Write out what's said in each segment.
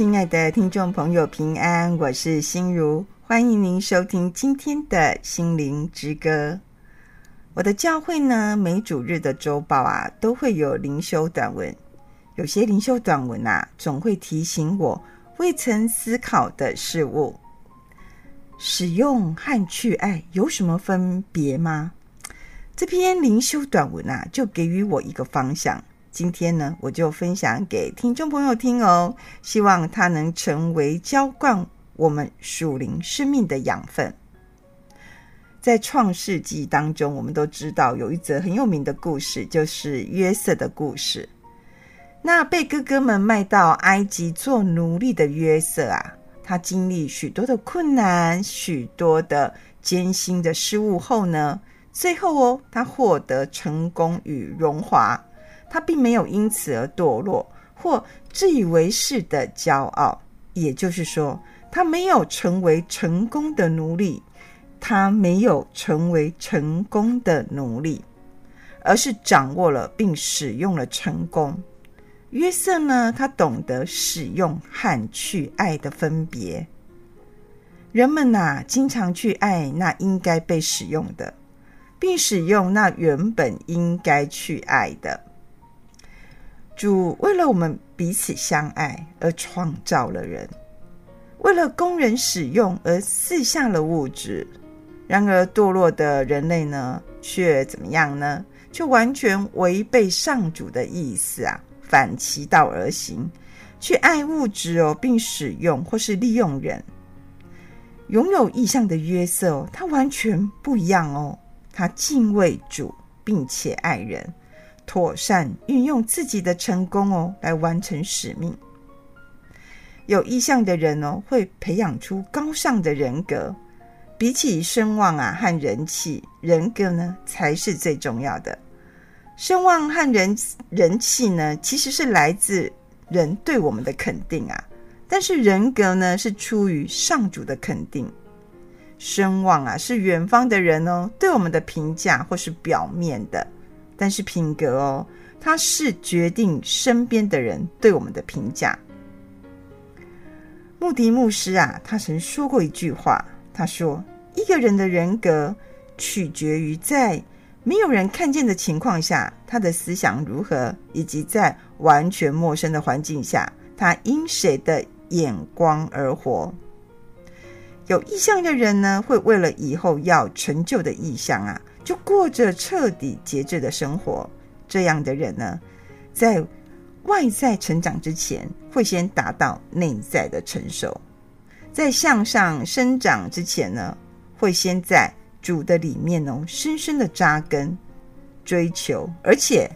親愛的聽眾朋友，平安，我是心如，歡迎您收聽今天的心靈之歌。我的教會呢，每主日的周報啊，都會有靈修短文。有些靈修短文啊，總會提醒我未曾思考的事物。使用和去愛有什麼分別嗎？這篇靈修短文呢、啊，就給予我一個方向。今天呢，我就分享給聽眾朋友聽哦。希望它能成為澆灌我們屬靈生命的養分。在創世紀當中，我們都知道有一則很有名的故事，就是約瑟的故事。那被哥哥們賣到埃及做奴隸的約瑟啊，他經歷許多的困難、許多的艱辛的失誤後呢，最後哦，他獲得成功與榮華。他並沒有因此而墮落或自以為是的驕傲，也就是說，他沒有成為成功的奴隸，他沒有成為成功的奴隸，而是掌握了並使用了成功。約瑟呢，他懂得使用和去愛的分別。人們吶、啊，經常去愛那應該被使用的，並使用那原本應該去愛的。主為了我們彼此相愛而創造了人，為了供人使用而賜下了物質。然而墮落的人類呢，却怎麼樣呢？却完全違背上主的意思啊，反其道而行，去愛物質哦，並使用或是利用人。擁有異象的約瑟哦，他完全不一樣哦，他敬畏主，並且愛人。妥善運用自己的成功哦，來完成使命。有意向的人哦，會培養出高尚的人格。比起聲望啊和人氣，人格呢才是最重要的。聲望和人人氣呢，其實是來自人對我們的肯定啊。但是人格呢，是出於上主的肯定。聲望啊，是遠方的人哦對我們的評價或是表面的。但是品格哦，它是決定身邊的人對我們的評價。穆迪牧師啊，他曾說過一句話，他說：“一個人的人格取決於在沒有人看見的情況下，他的思想如何，以及在完全陌生的環境下，他因誰的眼光而活。”有異象的人呢，會為了以後要成就的異象啊。就過着徹底節制的生活，這樣的人呢，在外在成長之前，會先達到內在的成熟；在向上生長之前呢，會先在主的裡面哦，深深的扎根，追求，而且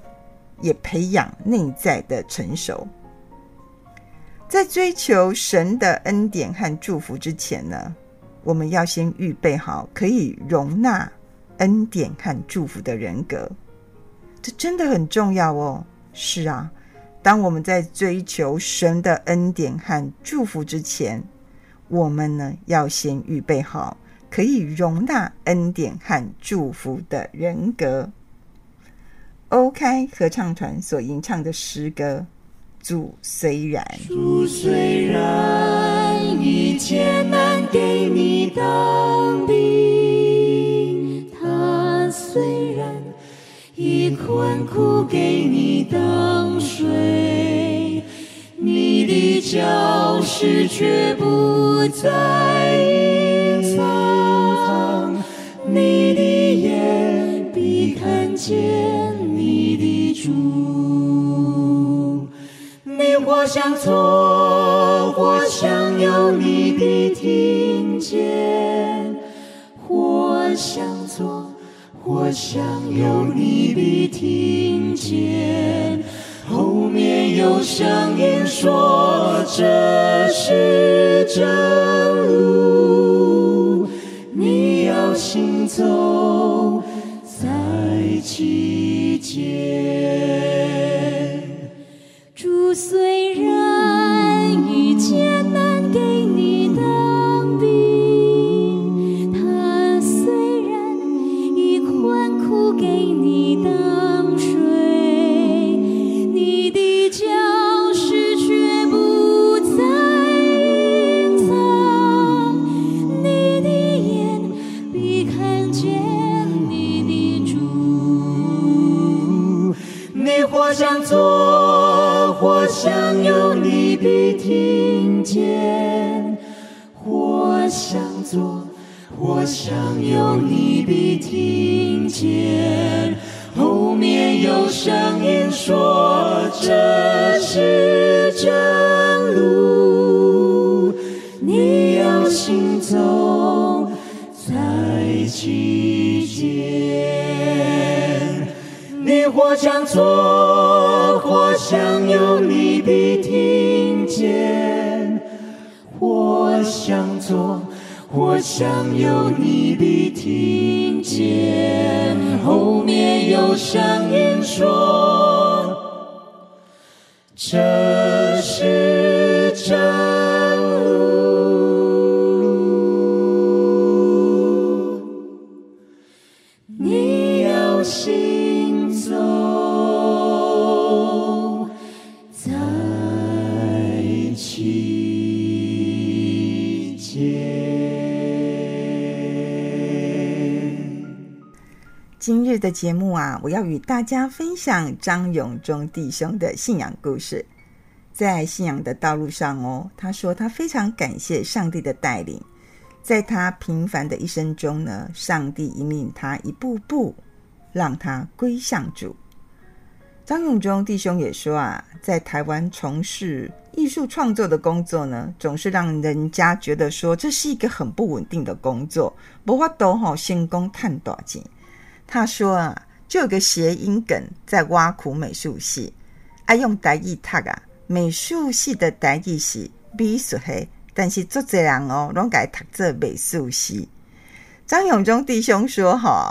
也培養內在的成熟。在追求神的恩典和祝福之前呢，我們要先預備好可以容納。恩典和祝福的人格，這真的很重要哦。是啊，當我們在追求神的恩典和祝福之前，我們呢要先預備好可以容納恩典和祝福的人格。OK，合唱團所吟唱的詩歌，主雖然，主雖然，一切難給你當的。困苦給你當水，你的教師卻不再隱藏，你的眼必看見，你的主，你或向左，或向右，你必聽見，或向左。我想有你必聽見，後面有聲音說這是正路，你要行走在其間。或向左，或向右，你必聽見。或向左，或向右，你必聽見。後面有聲音說。今日的節目啊，我要與大家分享張永忠弟兄的信仰故事。在信仰的道路上哦，他說他非常感謝上帝的帶領，在他平凡的一生中呢，上帝引領他一步步讓他歸向主。張永忠弟兄也說啊，在台灣從事。藝術創作的工作呢，總是讓人家覺得說這是一個很不穩定的工作。不花多好。辛苦，賺多少錢？他說啊，就有個諧音梗在挖苦美術系，愛用台語讀啊。美術系的台語是 B 水，但是做這人哦，攏給他讀做美術系。張永忠弟兄說哈、哦，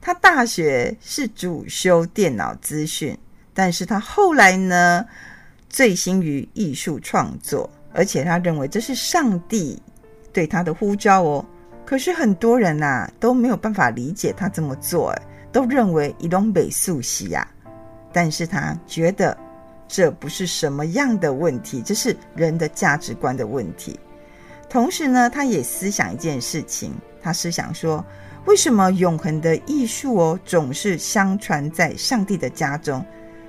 他大學是主修電腦資訊，但是他後來呢，醉心於藝術創作，而且他認為這是上帝對他的呼召哦。可是很多人吶、啊、都沒有辦法理解他這麼做，哎，都認為一種美術系呀。但是他覺得這不是什麼樣的問題，這是人的價值觀的問題。同時呢，他也思想一件事情，他思想說：為什麼永恆的藝術哦總是相傳在上帝的家中？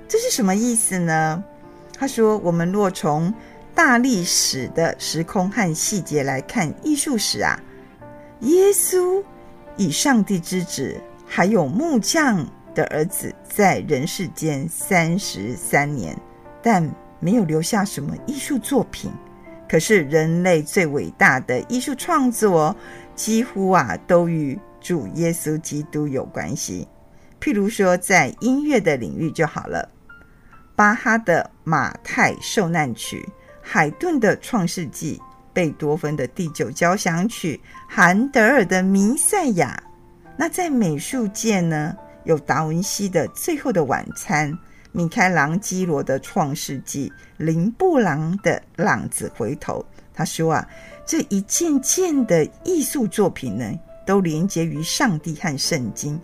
這是什麼意思呢？他說：“我們若從大歷史的時空和細節來看藝術史啊，耶穌以上帝之子，還有木匠的兒子，在人世間三十三年，但沒有留下什麼藝術作品。可是人類最偉大的藝術創作，幾乎啊都與主耶穌基督有關係。譬如說，在音樂的領域就好了，巴哈的。”馬太受難曲、海頓的創世紀、貝多芬的第九交響曲、韓德爾的彌賽亞。那在美術界呢，有達文西的《最後的晚餐》，米開朗基羅的《創世紀》，林布朗的《浪子回頭》。他說啊，這一件件的藝術作品呢，都連接於上帝和聖經。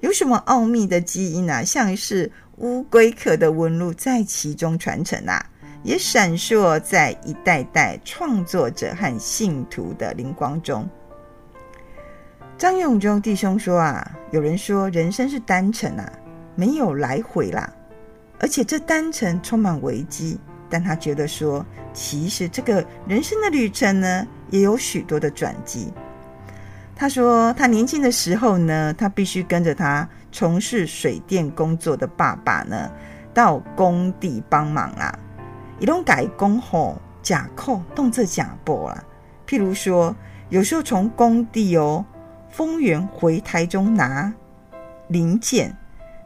有什麼奧秘的基因啊？像是。烏龜殼的紋路在其中傳承吶、啊，也閃爍在一代代創作者和信徒的靈光中。張永忠弟兄說啊，有人說人生是單程啊，沒有來回啦，而且這單程充滿危機。但他覺得說，其實這個人生的旅程呢，也有許多的轉機。他說，他年輕的時候呢，他必須跟着他從事水電工作的爸爸呢，到工地幫忙啊。一種改工號、假扣、動這假撥啦。譬如說，有時候從工地哦，豐原回台中拿零件，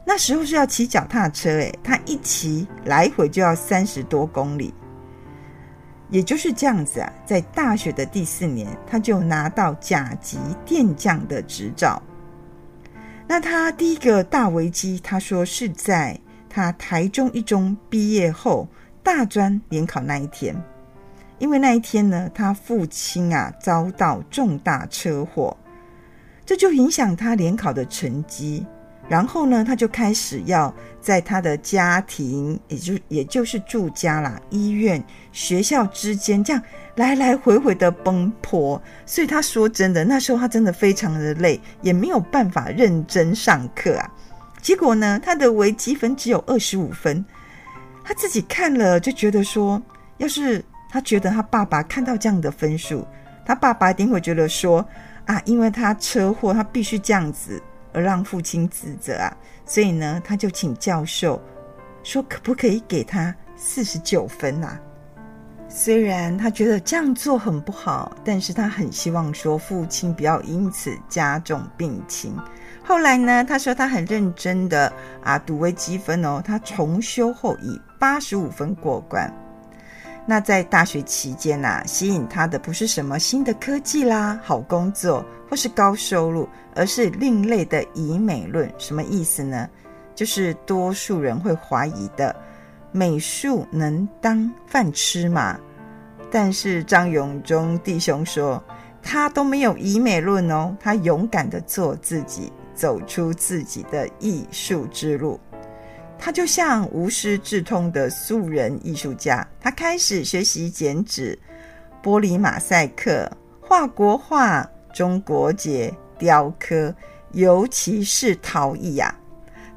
那時候是要騎腳踏車誒，他一騎來回就要三十多公里。也就是這樣子啊，在大學的第四年，他就拿到甲級電匠的執照。那他第一個大危機，他說是在他台中一中畢業後，大專聯考那一天，因為那一天呢，他父親啊遭到重大車禍，這就影響他聯考的成績。然後呢，他就開始要在他的家庭，也就也就是住家啦，醫院、學校之間這樣來來回回的奔波。所以他說真的，那時候他真的非常的累，也沒有辦法認真上課啊。結果呢，他的微積分只有二十五分，他自己看了就覺得說，要是他覺得他爸爸看到這樣的分數，他爸爸一定會覺得說啊，因為他車禍，他必須這樣子。而讓父親自責啊，所以呢，他就請教授說，可不可以給他四十九分吶、啊？雖然他覺得這樣做很不好，但是他很希望說父親不要因此加重病情。後來呢，他說他很認真的啊，讀微積分哦，他重修後以八十五分過關。那在大學期間呢、啊，吸引他的不是什麼新的科技啦、好工作或是高收入，而是另類的以美論。什麼意思呢？就是多數人會懷疑的，美術能當飯吃嗎？但是張永忠弟兄說，他都沒有以美論哦，他勇敢的做自己，走出自己的藝術之路。他就像無師自通的素人藝術家，他開始學習剪紙、玻璃馬賽克、畫國畫、中國結、雕刻，尤其是陶藝啊！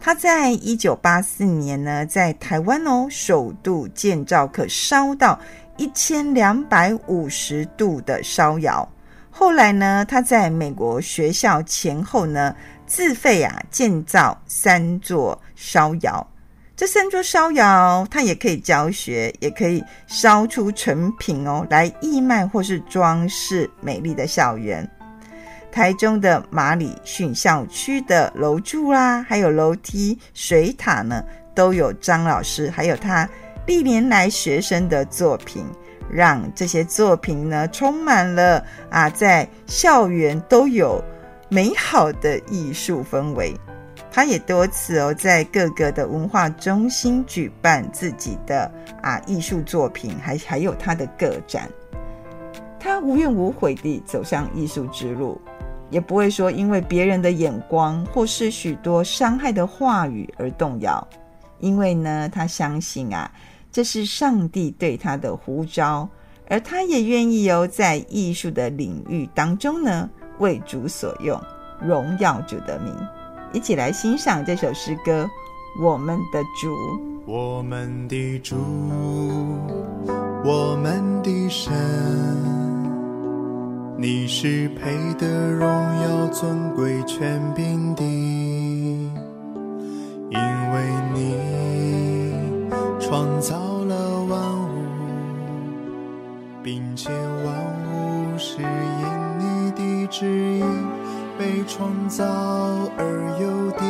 他在一九八四年呢，在台灣哦，首度建造可燒到一千兩百五十度的燒窯。後來呢，他在美國學校前後呢。自費啊建造三座燒窯，這三座燒窯它也可以教學，也可以燒出成品哦，來義賣或是裝飾美麗的校園。台中的馬禮遜校區的樓柱啦、啊，還有樓梯、水塔呢，都有張老師還有他歷年來學生的作品，讓這些作品呢充滿了啊，在校園都有。美好的藝術氛圍，他也多次哦在各個的文化中心舉辦自己的啊藝術作品，還還有他的個展。他無怨無悔地走向藝術之路，也不會說因為別人的眼光或是許多傷害的話語而動搖，因為呢，他相信啊這是上帝對他的呼召，而他也願意哦在藝術的領域當中呢。為主所用，榮耀主的名，一起來欣賞這首詩歌。我們的主，我們的主，我們的神，你是配得榮耀尊貴權柄的，因為你創造了萬物，並且萬物是。是因被創造而有的，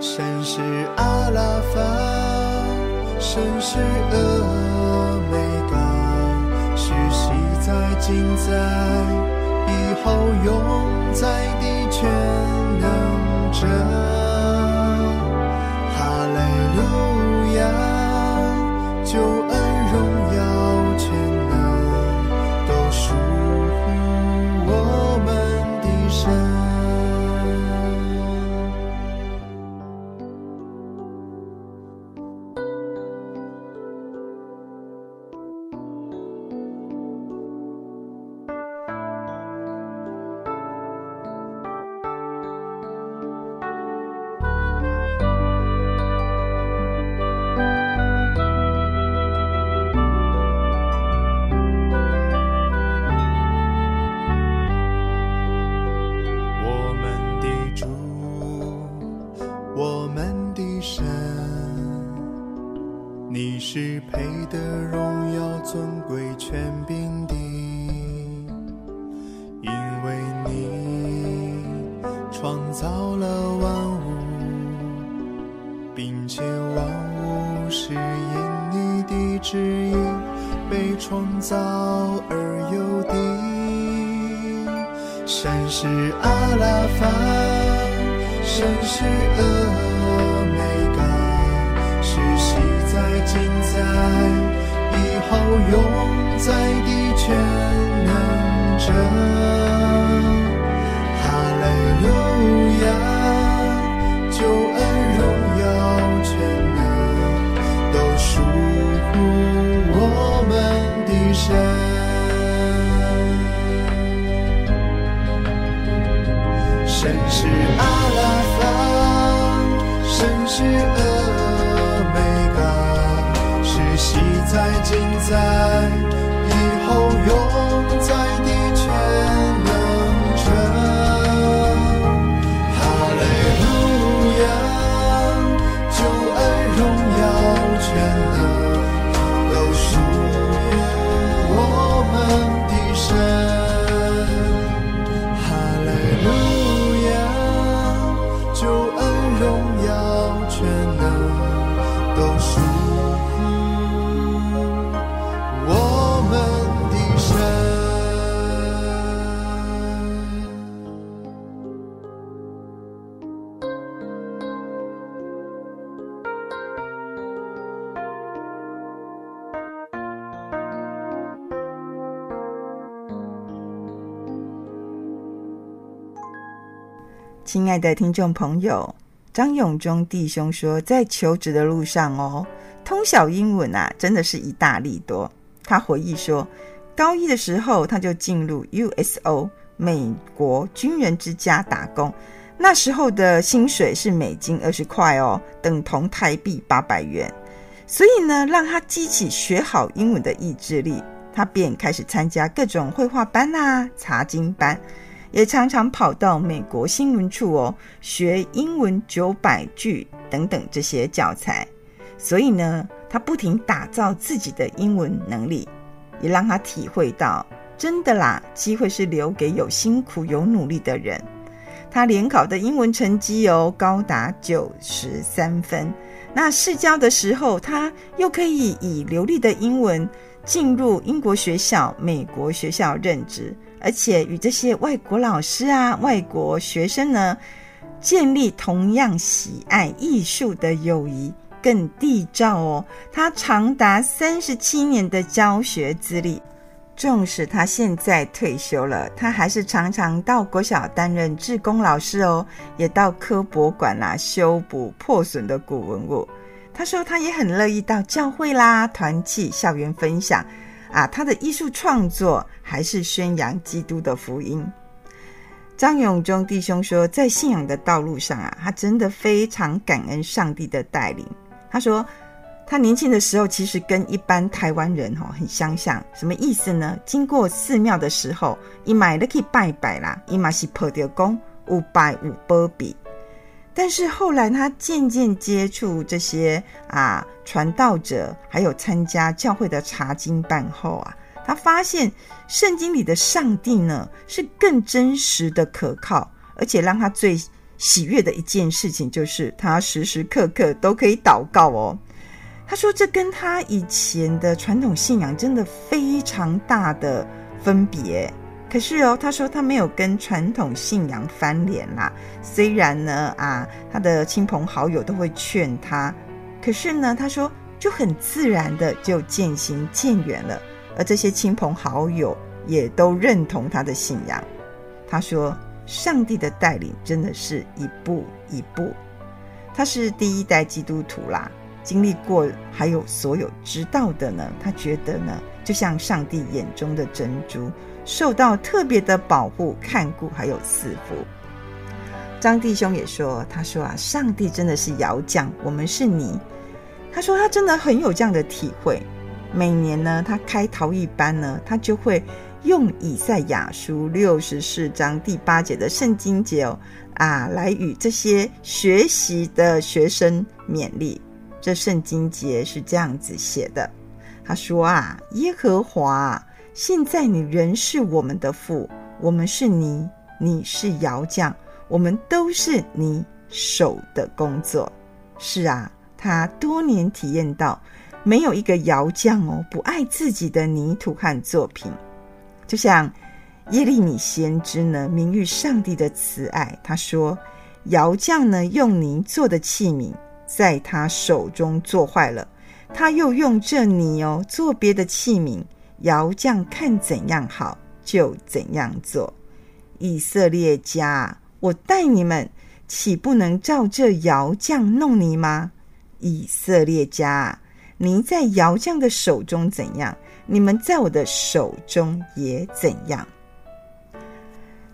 神是阿拉法，神是俄梅嘎，是昔在今在以後永在的全能者，哈雷路。親愛的聽眾朋友，張永忠弟兄說，在求職的路上哦，通曉英文啊，真的是一大利多。他回憶說，高一的時候他就進入 USO 美國軍人之家打工，那時候的薪水是美金二十塊哦，等同台幣八百元。所以呢，讓他激起學好英文的意志力，他便開始參加各種繪畫班啦、啊、查經班。也常常跑到美國新聞處哦，學英文九百句等等這些教材，所以呢，他不停打造自己的英文能力，也讓他體會到真的啦，機會是留給有辛苦有努力的人。他聯考的英文成績有哦，高達九十三分，那試教的時候，他又可以以流利的英文進入英國學校、美國學校任職。而且與這些外國老師啊、外國學生呢，建立同樣喜愛藝術的友誼，更締造哦他長達三十七年的教學資歷。縱使他現在退休了，他還是常常到國小擔任志工老師哦，也到科博館啊，修補破損的古文物。他說他也很樂意到教會啦團契、校園分享。啊，他的藝術創作還是宣揚基督的福音。張永忠弟兄說，在信仰的道路上啊，他真的非常感恩上帝的帶領。他說，他年輕的時候其實跟一般台灣人哈很相像，什麼意思呢？經過寺廟的時候，伊買了去拜拜啦，伊嘛是破掉工，有拜有保庇但是後來，他漸漸接觸這些啊傳道者，還有參加教會的查經班後啊，他發現聖經裡的上帝呢是更真實的、可靠，而且讓他最喜悅的一件事情就是他時時刻刻都可以禱告哦。他說，這跟他以前的傳統信仰真的非常大的分別。可是哦，他說他沒有跟傳統信仰翻臉啦、啊。雖然呢，啊，他的親朋好友都會勸他，可是呢，他說就很自然的就漸行漸遠了。而這些親朋好友也都認同他的信仰。他說，上帝的帶領真的是一步一步。他是第一代基督徒啦，經歷過還有所有知道的呢。他覺得呢，就像上帝眼中的珍珠。受到特別的保護、看顧，還有賜福。張弟兄也說：“他說啊，上帝真的是窯匠，我們是泥。”他說他真的很有這樣的體會。每年呢，他開陶藝班呢，他就會用以賽亞書六十四章第八節的聖經節哦啊，來與這些學習的學生勉勵。這聖經節是這樣子寫的：“他說啊，耶和華啊。”現在你仍是我們的父，我們是泥，你是窯匠，我們都是你手的工作。是啊，他多年體驗到，沒有一個窯匠哦不愛自己的泥土和作品。就像耶利米先知呢，明喻上帝的慈愛，他說，窯匠呢用泥做的器皿，在他手中做壞了，他又用這泥哦做別的器皿。窯匠看怎樣好就怎樣做，以色列家，我待你們豈不能照這窯匠弄泥嗎？以色列家，泥在窯匠的手中怎樣，你們在我的手中也怎樣。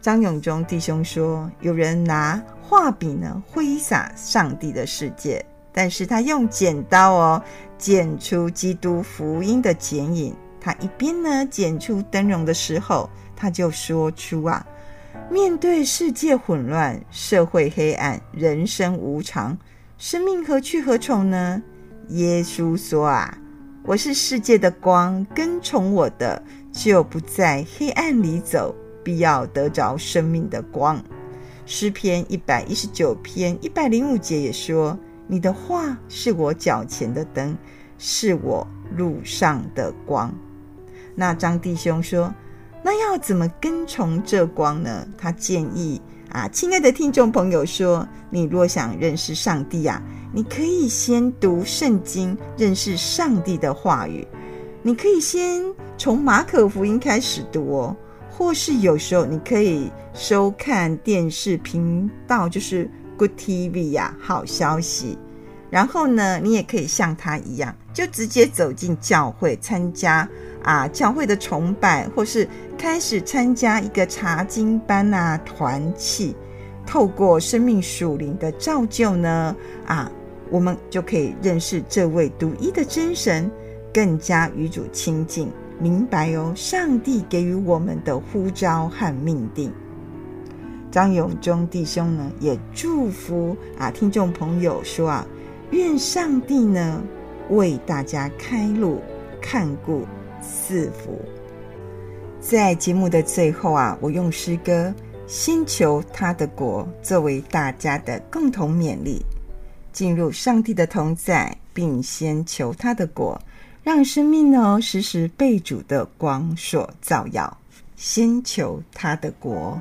張永忠弟兄說，有人拿畫筆呢，揮灑上帝的世界，但是他用剪刀哦，剪出基督福音的剪影。他一邊呢剪出燈籠的時候，他就說出啊，面對世界混亂、社會黑暗、人生無常，生命何去何從呢？耶穌說啊，我是世界的光，跟從我的就不在黑暗裡走，必要得着生命的光。詩篇一百一十九篇一百零五節也說，你的話是我腳前的燈，是我路上的光。那張弟兄說：“那要怎麼跟從這光呢？”他建議啊，親愛的聽眾朋友說：“你若想認識上帝啊，你可以先讀聖經，認識上帝的話語。你可以先從馬可福音開始讀哦，或是有時候你可以收看電視頻道，就是 Good TV 呀，好消息。然後呢，你也可以像他一樣，就直接走進教會參加。”啊，教會的崇拜，或是開始參加一個查經班啊，團契，透過生命屬靈的造就呢，啊，我們就可以認識這位獨一的真神，更加與主親近，明白哦，上帝給予我們的呼召和命定。張永忠弟兄呢，也祝福啊，聽眾朋友說啊，願上帝呢為大家開路看顧。四福，在節目的最後啊，我用詩歌《先求他的國》作為大家的共同勉勵，進入上帝的同在，並先求他的國，讓生命呢時時被主的光所照耀。先求他的國。